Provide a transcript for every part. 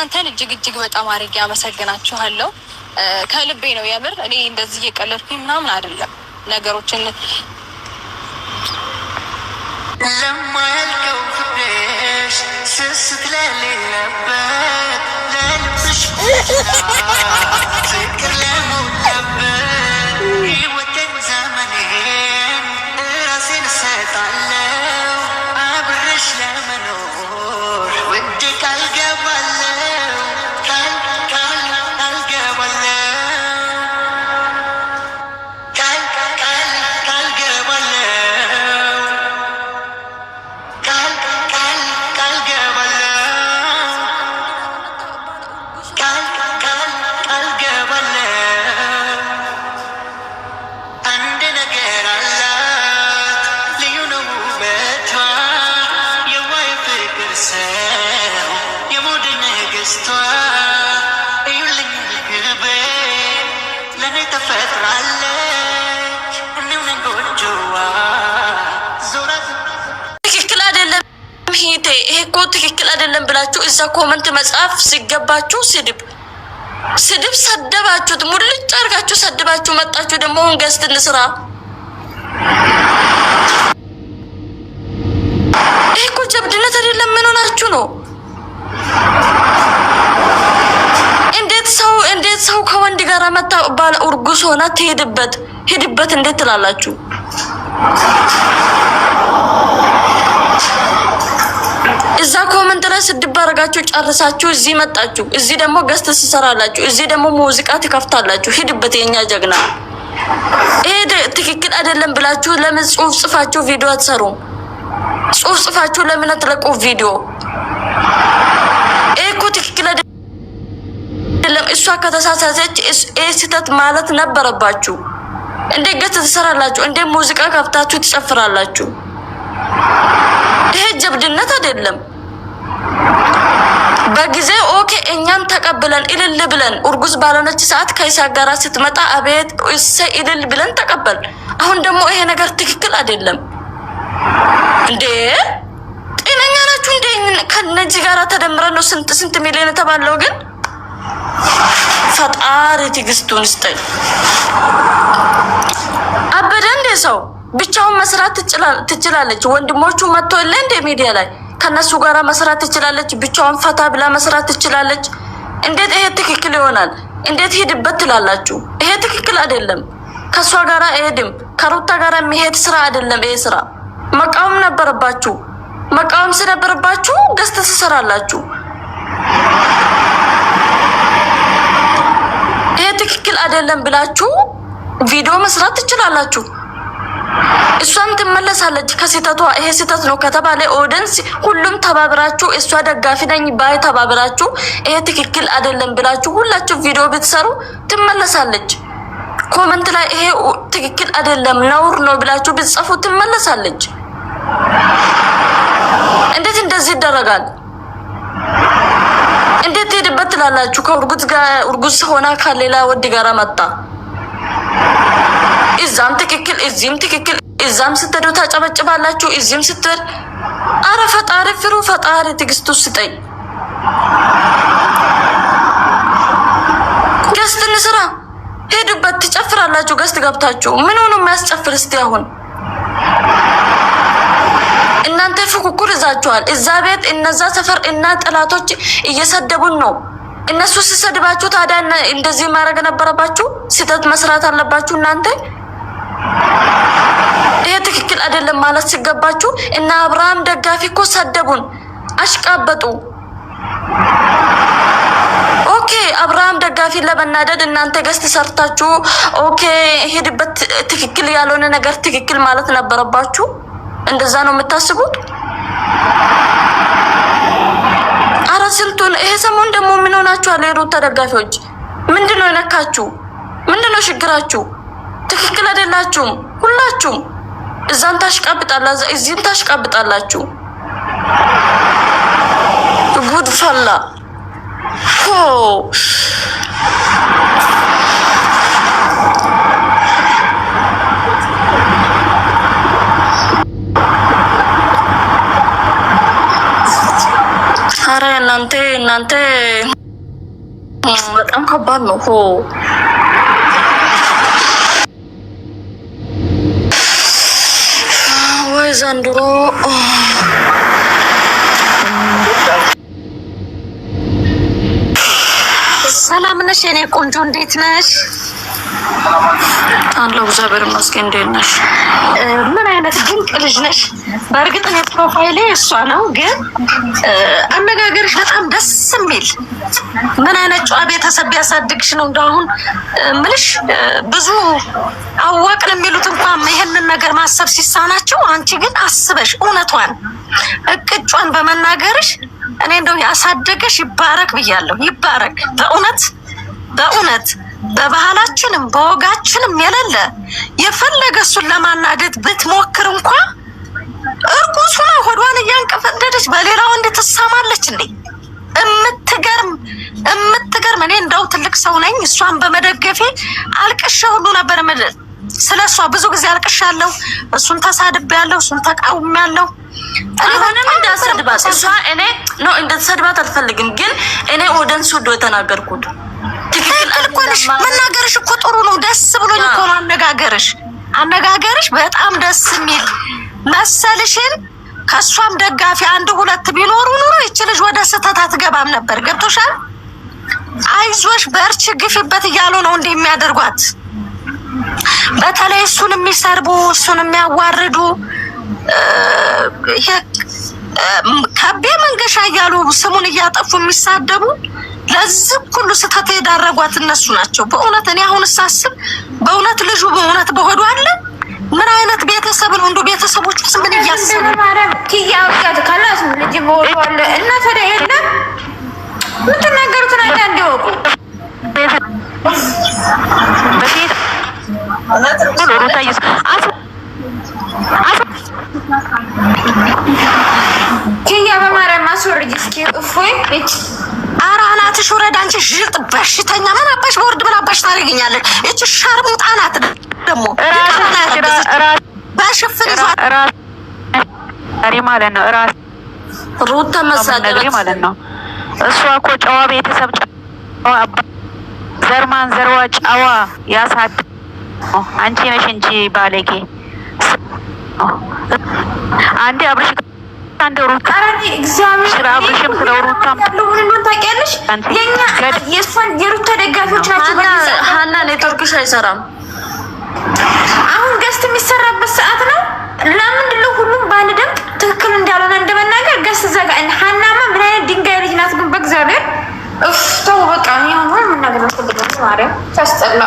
እናንተን እጅግ እጅግ በጣም አድርጌ አመሰግናችኋለሁ። ከልቤ ነው የምር። እኔ እንደዚህ እየቀለድኩኝ ምናምን አይደለም ነገሮችን ለማያልቀው ስስት ለሌለበት ለልብሽ ፍቅር ለሞላበት ዘመኔን ራሴን እሰጣለሁ አብረሽ ለመኖር ትክክል አይደለም። ሂቴ ይሄ እኮ ትክክል አይደለም ብላችሁ እዛ ኮመንት መጽሐፍ ሲገባችሁ ስድብ ስድብ ሰደባችሁት፣ ሙልጭ አድርጋችሁ ሰድባችሁ መጣችሁ። ደግሞ አሁን ገስት እንስራ። ይሄ እኮ ጀብድነት አይደለም። ምን ሆናችሁ ነው? ሩታ ባል እርጉዝ ሆነ ትሄድበት ሄድበት እንዴት ትላላችሁ? እዛ ኮመንት ላይ ስድብ አርጋችሁ ጨርሳችሁ እዚህ መጣችሁ። እዚህ ደግሞ ገስት ትሰራላችሁ። እዚህ ደግሞ ሙዚቃ ትከፍታላችሁ። ሄድበት የኛ ጀግና። ይሄ ትክክል አይደለም ብላችሁ ለምን ጽሁፍ ጽፋችሁ ቪዲዮ አትሰሩም? ጽሁፍ ጽፋችሁ ለምን አትለቁ ቪዲዮ ከተሳሳተች ይህ ስህተት ማለት ነበረባችሁ። እንዴ ገት ትሰራላችሁ፣ እንዴ ሙዚቃ ከብታችሁ ትጨፍራላችሁ። ይሄ ጀብድነት አይደለም። በጊዜ ኦኬ እኛን ተቀብለን እልል ብለን እርጉዝ ባለነች ሰዓት ከይሳ ጋራ ስትመጣ አቤት እሰ እልል ብለን ተቀበል። አሁን ደግሞ ይሄ ነገር ትክክል አይደለም እንዴ! ጤነኛ ናችሁ እንዴ? ከነዚህ ጋራ ተደምረን ነው ስንት ስንት ሚሊዮን የተባለው ግን ፈጣሪ ትዕግስቱን ስጠኝ። አበደ እንደ ሰው ብቻውን መስራት ትችላለች። ወንድሞቹ መጥቶ የለ እንደ ሚዲያ ላይ ከነሱ ጋራ መስራት ትችላለች። ብቻውን ፈታ ብላ መስራት ትችላለች። እንዴት ይሄ ትክክል ይሆናል? እንዴት ሄድበት ትላላችሁ? ይሄ ትክክል አይደለም። ከእሷ ጋር አይሄድም። ከሩታ ጋር የሚሄድ ስራ አይደለም። ይሄ ስራ መቃወም ነበረባችሁ። መቃወም ስለነበረባችሁ ደስ ትሰራላችሁ። ትክክል አይደለም ብላችሁ ቪዲዮ መስራት ትችላላችሁ። እሷም ትመለሳለች ከስህተቷ። ይሄ ስህተት ነው ከተባለ ኦደንስ ሁሉም ተባብራችሁ፣ እሷ ደጋፊ ነኝ ባይ ተባብራችሁ፣ ይሄ ትክክል አይደለም ብላችሁ ሁላችሁ ቪዲዮ ብትሰሩ ትመለሳለች። ኮመንት ላይ ይሄ ትክክል አይደለም ነውር ነው ብላችሁ ብትጽፉ ትመለሳለች። እንዴት እንደዚህ ይደረጋል? እንዴት ሄድበት ትላላችሁ? ከእርጉዝ ጋር እርጉዝ ሆና ከሌላ ወድ ጋራ መጣ። እዛም ትክክል፣ እዚህም ትክክል። እዛም ስትሄዱ ታጨበጭባላችሁ፣ እዚህም ስትሄድ። አረ ፈጣሪ ፍሩ፣ ፈጣሪ ትግስቱ ስጠኝ። ገስትን ስራ ሄዱበት፣ ትጨፍራላችሁ። ገስት ገብታችሁ ምን ሆኖ የሚያስጨፍር እስቲ አሁን እናንተ ፉክክር እዛችኋል። እዛ ቤት እነዛ ሰፈር እና ጠላቶች እየሰደቡን ነው። እነሱ ሲሰድባችሁ ታዲያ እንደዚህ ማድረግ ነበረባችሁ? ስህተት መስራት አለባችሁ እናንተ ይሄ ትክክል አይደለም ማለት ሲገባችሁ እና አብርሃም ደጋፊ እኮ ሰደቡን፣ አሽቃበጡ። ኦኬ አብርሃም ደጋፊ ለመናደድ እናንተ ገስት ሰርታችሁ ኦኬ ሄድበት። ትክክል ያልሆነ ነገር ትክክል ማለት ነበረባችሁ። እንደዛ ነው የምታስቡት? አረ ስልቱን ይሄ ሰሞን ደግሞ ምን ሆናችኋል? የሩት ተደጋፊዎች ምንድን ነው የነካችሁ? ምንድን ነው ችግራችሁ? ትክክል አይደላችሁም ሁላችሁም። እዛን ታሽቃብጣላ እዚህን ታሽቃብጣላችሁ። ጉድ ፈላ እናንተ እናንተ በጣም ከባድ ነው። ሆ ወይ ዘንድሮ ሰላም ነሽ የኔ ቆንጆ፣ እንዴት ነሽ? አለው እግዚአብሔር ይመስገን። እንዴት ነሽ? ምን አይነት ድንቅ ልጅ ነሽ! በእርግጥ ነው ፕሮፋይሌ እሷ ነው፣ ግን አነጋገርሽ በጣም ደስ የሚል ምን አይነት ጨዋ ቤተሰብ ቢያሳድግሽ ነው እንደአሁን ምልሽ። ብዙ አወቅን የሚሉት እንኳን ይህንን ነገር ማሰብ ሲሳናቸው፣ አንቺ ግን አስበሽ እውነቷን እቅጯን በመናገርሽ እኔ እንደው ያሳደገሽ ይባረክ ብያለሁ። ይባረክ በእውነት በእውነት በባህላችንም በወጋችንም የሌለ የፈለገ እሱን ለማናደድ ብትሞክር እንኳ እርጉዝ ነው። ሆዷን እያንቀፈደደች በሌላው እንድትሳማለች እንዴ! እምትገርም እምትገርም። እኔ እንደው ትልቅ ሰው ነኝ፣ እሷን በመደገፌ አልቅሼ ሁሉ ነበር ምድር ስለ እሷ ብዙ ጊዜ አልቅሻለሁ። እሱን ያለው እሱን ያለው አሁንም እንዳሰድባት እሷ እኔ ነው እንደተሰድባት አልፈልግም፣ ግን እኔ ወደንሱ ወዶ የተናገርኩት ነሽ። መናገርሽ እኮ ጥሩ ነው። ደስ ብሎኝ እኮ ነው አነጋገርሽ። አነጋገርሽ በጣም ደስ የሚል መሰልሽን ከእሷም ደጋፊ አንድ ሁለት ቢኖሩ ኑሮ ይቺ ልጅ ወደ ስህተት አትገባም ነበር። ገብቶሻል? አይዞሽ በርቺ፣ ግፊበት እያሉ ነው እንዲህ የሚያደርጓት። በተለይ እሱን የሚሰርቡ እሱን የሚያዋርዱ ከቤ መንገሻ እያሉ ስሙን እያጠፉ የሚሳደቡ ለዚህ ሁሉ ስህተት የዳረጓት እነሱ ናቸው። በእውነት እኔ አሁን ሳስብ በእውነት ልጁ በእውነት በሆዱ አለ። ምን አይነት ቤተሰብ ነው? እንደ ቤተሰቦች ውስጥ ምን ልጅ እያሰቡ እናት ወደ የለም ምትናገሩትን አንዳ እንዲወቁ በፊት ኪያ በማርያም አስወርጅ እስኪ። እፎይ እች ኧረ አናትሽ ወረድ አንቺ ሽጥ በሽተኛ። ምን አባሽ በወርድ ምን አባሽ ታደርጊኛለሽ? እች ሸርሙጣ ናት ደግሞ በሽፍን ማለት ነው። ራስ ሩት ተመሳገሪ ማለት ነው። እሷ እኮ ጨዋ ቤተሰብ ዘርማን ዘርዋ ጨዋ ያሳድ አንቺ ነሽ እንጂ ባለጌ አንዴ አብረሽ አንድ ሩታ ስለ አብርሽም ስለ ሩታም ታውቂያለሽ። የሩታ ደጋፊዎች ናቸው። ሀና ኔትወርክሽ አይሰራም። አሁን ገስት የሚሰራበት ሰዓት ነው። ለምንድን ነው ሁሉም በአንድ ደምብ ትክክል እንዳልሆነ እንደመናገር ገስት ዘጋ። ሀናማ ምን አይነት ድንጋይ ልጅ ናት ግን በእግዚአብሔር ተው በቃ ሆን ምናገር ማርያም ታስጠላ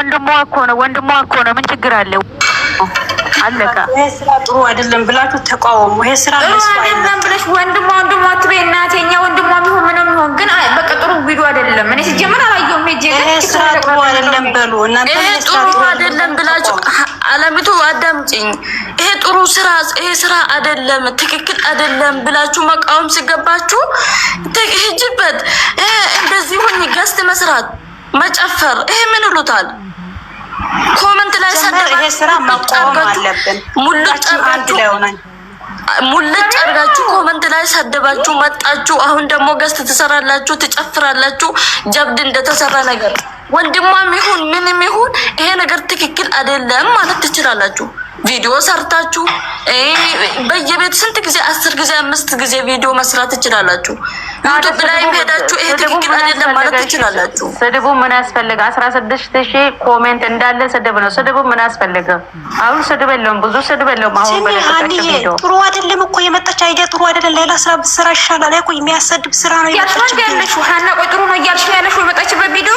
ወንድሟ እኮ ነው፣ ወንድሟ እኮ ነው። ምን ችግር አለው? አለቀ። ይሄ ስራ ጥሩ አይደለም ብላችሁ ተቃወሙ። ይሄ ስራ አይደለም ብለሽ ወንድሟ ወንድሟ ትቤ እናቴኛ ወንድሟ ሚሆን ምንም ይሆን ግን በቃ ጥሩ ቪዲዮ አይደለም። እኔ ሲጀምር አላየሁም። ሄጄ ይሄ ስራ ጥሩ አይደለም በሉ እናንተ። ይሄ ጥሩ አይደለም ብላችሁ አለምቱ አዳምጭኝ። ይሄ ጥሩ ስራ ይሄ ስራ አይደለም ትክክል አይደለም ብላችሁ መቃወም ሲገባችሁ ሂጅበት። እንደዚህ ሁኝ ገስት መስራት መጨፈር ይሄ ምን ይሉታል? ኮመንት ላይ ይሄ ስራ መቆም አለብን። ሁላችንም አንድ ላይ ሆነን ሙልጭ አድርጋችሁ ኮመንት ላይ ሰደባችሁ መጣችሁ። አሁን ደግሞ ገዝት ትሰራላችሁ፣ ትጨፍራላችሁ። ጀብድ እንደተሰራ ነገር ወንድማም ይሁን ምንም ይሁን ይሄ ነገር ትክክል አይደለም ማለት ትችላላችሁ። ቪዲዮ ሰርታችሁ በየቤት ስንት ጊዜ አስር ጊዜ አምስት ጊዜ ቪዲዮ መስራት ትችላላችሁ። ዩቱብ ላይ ሄዳችሁ ይሄ ትክክል አይደለም ማለት ትችላላችሁ። ስድቡ ምን ያስፈልገ? አስራ ስድስት ሺህ ኮሜንት እንዳለ ስድብ ነው። ስድቡ ምን ያስፈልገ? አሁን ስድብ የለውም፣ ብዙ ስድብ የለውም። አሁን ጥሩ አይደለም እኮ የመጣች አይዲያ ጥሩ አይደለም። ሌላ ስራ ብትሰራ ይሻላል። ያ እኮ የሚያሰድብ ስራ ነው ያለችው። ሀና ቆይ ጥሩ ነው እያልሽ ነው ያለሽው የመጣችበት ቪዲዮ